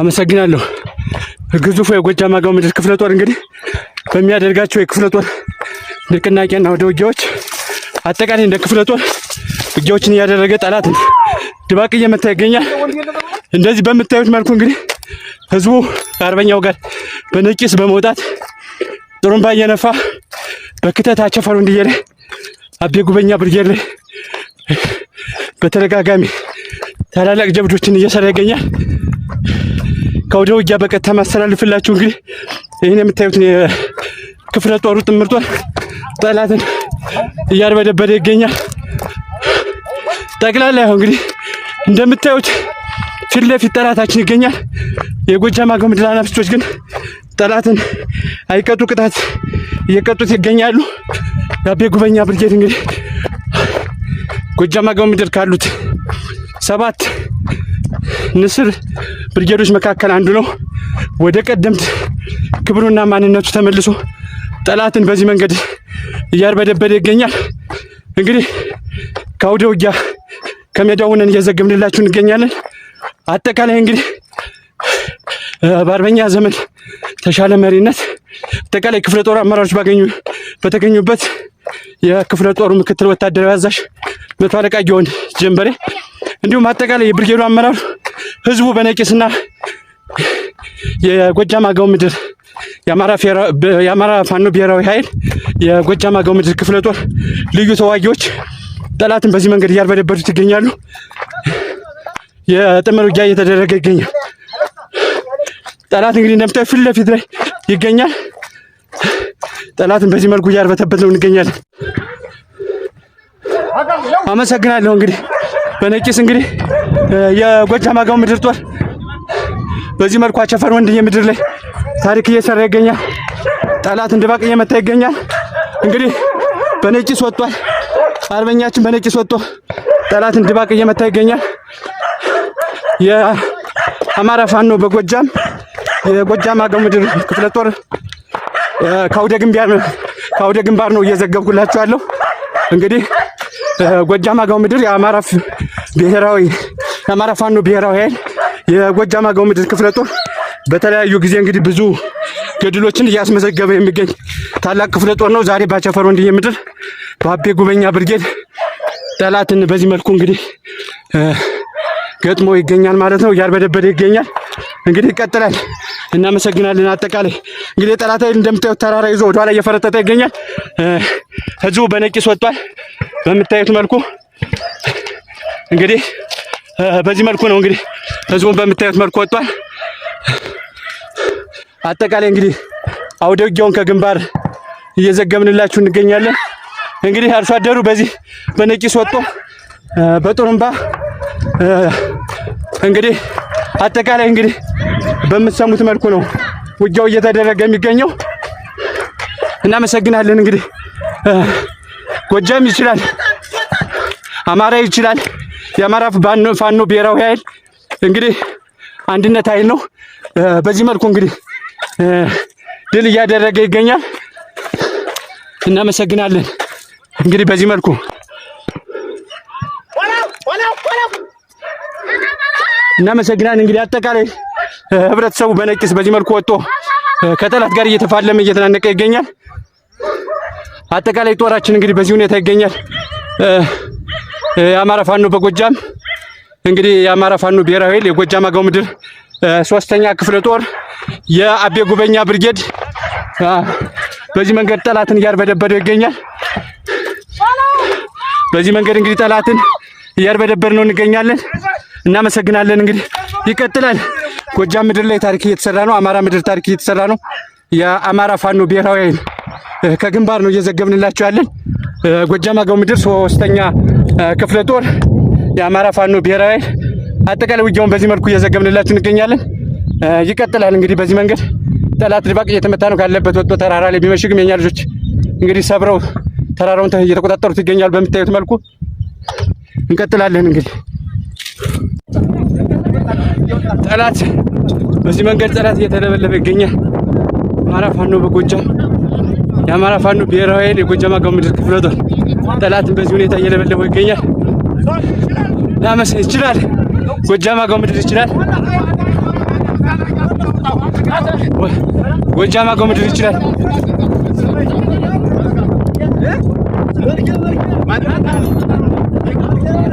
አመሰግናለሁ። ግዙፉ የጎጃም አገው ምድር ክፍለ ጦር እንግዲህ በሚያደርጋቸው የክፍለ ጦር ንቅናቄና ወደ ውጊያዎች አጠቃላይ እንደ ክፍለ ጦር ውጊያዎችን እያደረገ ጠላት ድባቅ እየመታ ይገኛል። እንደዚህ በምታዩት መልኩ እንግዲህ ህዝቡ ከአርበኛው ጋር በነቂስ በመውጣት ጥሩምባ እየነፋ በክተት አቸፈሩ እንዲየለ አቤ ጉበኛ ብርጌድ ላይ በተደጋጋሚ ታላላቅ ጀብዶችን እየሰራ ይገኛል። ከወደ ውጊያ በቀጥታ ማስተላልፍላችሁ እንግዲህ ይህን የምታዩት ክፍለ ጦሩ ጥምርቷል ጠላትን እያርበደበደ ይገኛል። ጠቅላላ ያው እንግዲህ እንደምታዩት ፊት ለፊት ጠላታችን ይገኛል። የጎጃም አገው ምድር አናብስቶች ግን ጠላትን አይቀጡ ቅጣት እየቀጡት ይገኛሉ። የአቤ ጉበኛ ብርጌድ እንግዲህ ጎጃም አገው ምድር ካሉት ሰባት ንስር ብርጌዶች መካከል አንዱ ነው። ወደ ቀደምት ክብሩና ማንነቱ ተመልሶ ጠላትን በዚህ መንገድ እያርበደበደ ይገኛል። እንግዲህ ከአውደ ውጊያ ከሜዳው ሆነን እየዘገብንላችሁ እንገኛለን። አጠቃላይ እንግዲህ በአርበኛ ዘመን ተሻለ መሪነት አጠቃላይ ክፍለ ጦር አመራሮች ባገኙ በተገኙበት የክፍለ ጦሩ ምክትል ወታደራዊ አዛዥ መቶ አለቃ ጊዮን ጀንበሬ እንዲሁም አጠቃላይ የብርጌዱ አመራር ህዝቡ በነቂስና የጎጃም አገው ምድር የአማራ ፋኖ ብሔራዊ ኃይል የጎጃም አገው ምድር ክፍለ ጦር ልዩ ተዋጊዎች ጠላትን በዚህ መንገድ እያርበደበዱት ይገኛሉ። የጥምር ውጊያ እየተደረገ ይገኛል። ጠላት እንግዲህ እንደምታዩ ፊት ለፊት ላይ ይገኛል። ጠላትን በዚህ መልኩ እያርበተበት ነው እንገኛለን። አመሰግናለሁ እንግዲህ በነቂስ እንግዲህ የጎጃም አገው ምድር ጦር በዚህ መልኩ አቸፈር ወንድዬ ምድር ላይ ታሪክ እየሰራ ይገኛል። ጠላት እንድባቅ እየመታ ይገኛል። እንግዲህ በነቂስ ወጥቷል። አርበኛችን በነቂስ ወጥቶ ጠላት እንድባቅ እየመታ ይገኛል። የአማራ ፋኖ በጎጃም የጎጃም አገው ምድር ክፍለ ጦር ከአውደ ግንባር ነው እየዘገብኩላችኋለሁ እንግዲህ ጎጃም አገው ምድር የአማራ ብሔራዊ የአማራ ፋኖ ብሔራዊ ኃይል የጎጃም አገው ምድር ክፍለ ጦር በተለያዩ ጊዜ እንግዲህ ብዙ ገድሎችን እያስመዘገበ የሚገኝ ታላቅ ክፍለ ጦር ነው። ዛሬ ባቸፈር ወንድዬ ምድር በአቤ ጉበኛ ብርጌድ ጠላትን በዚህ መልኩ እንግዲህ ገጥሞ ይገኛል ማለት ነው። እያርበደበደ ይገኛል እንግዲህ ይቀጥላል። እናመሰግናለን። አጠቃላይ እንግዲህ ጠላት እንደምታዩት ተራራ ይዞ ወደኋላ እየፈረጠጠ ይገኛል። ህዝቡ በነቂስ ወጥቷል። በምታዩት መልኩ እንግዲህ በዚህ መልኩ ነው እንግዲህ ህዝቡን በምታዩት መልኩ ወጥቷል። አጠቃላይ እንግዲህ አውደ ውጊያውን ከግንባር እየዘገብንላችሁ እንገኛለን። እንግዲህ አርሶ አደሩ በዚህ በነቂስ ወጥቶ በጡሩምባ እንግዲህ አጠቃላይ እንግዲህ በምትሰሙት መልኩ ነው ውጊያው እየተደረገ የሚገኘው። እናመሰግናለን። እንግዲህ ጎጃም ይችላል፣ አማራ ይችላል። የአማራ ፋኖ ብሔራዊ ኃይል እንግዲህ አንድነት ኃይል ነው። በዚህ መልኩ እንግዲህ ድል እያደረገ ይገኛል። እናመሰግናለን። እንግዲህ በዚህ መልኩ እናመሰግናለን። እንግዲህ አጠቃላይ ህብረተሰቡ በነቂስ በዚህ መልኩ ወጥቶ ከጠላት ጋር እየተፋለመ እየተናነቀ ይገኛል። አጠቃላይ ጦራችን እንግዲህ በዚህ ሁኔታ ይገኛል። የአማራ ፋኖ በጎጃም እንግዲህ የአማራ ፋኖ ብሔራዊ ኃይል የጎጃም አገው ምድር ሶስተኛ ክፍለ ጦር የአቤ ጉበኛ ብርጌድ በዚህ መንገድ ጠላትን እያርበደበደው ይገኛል። በዚህ መንገድ እንግዲህ ጠላትን እያርበደበድ ነው እንገኛለን። እናመሰግናለን። እንግዲህ ይቀጥላል። ጎጃም ምድር ላይ ታሪክ እየተሰራ ነው። አማራ ምድር ታሪክ እየተሰራ ነው። የአማራ ፋኖ ብሔራዊ ኃይል ከግንባር ነው እየዘገብንላቸው ያለን። ጎጃም አገው ምድር ሶስተኛ ክፍለ ጦር የአማራ ፋኖ ብሔራዊ ኃይል አጠቃላይ ውጊያውን በዚህ መልኩ እየዘገብንላችሁ እንገኛለን። ይቀጥላል። እንግዲህ በዚህ መንገድ ጠላት ድባቅ እየተመታ ነው። ካለበት ወጥቶ ተራራ ላይ ቢመሽግም የኛ ልጆች እንግዲህ ሰብረው ተራራውን እየተቆጣጠሩት ይገኛሉ። በምታዩት መልኩ እንቀጥላለን እንግዲህ ጠላት በዚህ መንገድ ጠላት እየተለበለበ ይገኛል። አማራ ፋኖ በጎጃም የአማራ ፋኖ ብሔራዊ ኃይል የጎጃም አገው ምድር ክፍለ ጦር ጠላትን በዚህ ሁኔታ እየለበለበ ይገኛል። ላመስ ይችላል። ጎጃም አገው ምድር ይችላል። ጎጃም አገው ምድር ይችላል።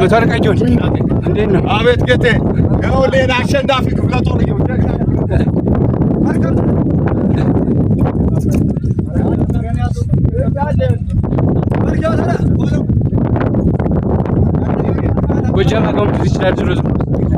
መተርቀጆን እንዴት ነው? አቤት ገቴ ይኸው ሌላ አሸናፊ ክፍለ ጦር ጎጃም አካውንት ዲጂታል ቱሪዝም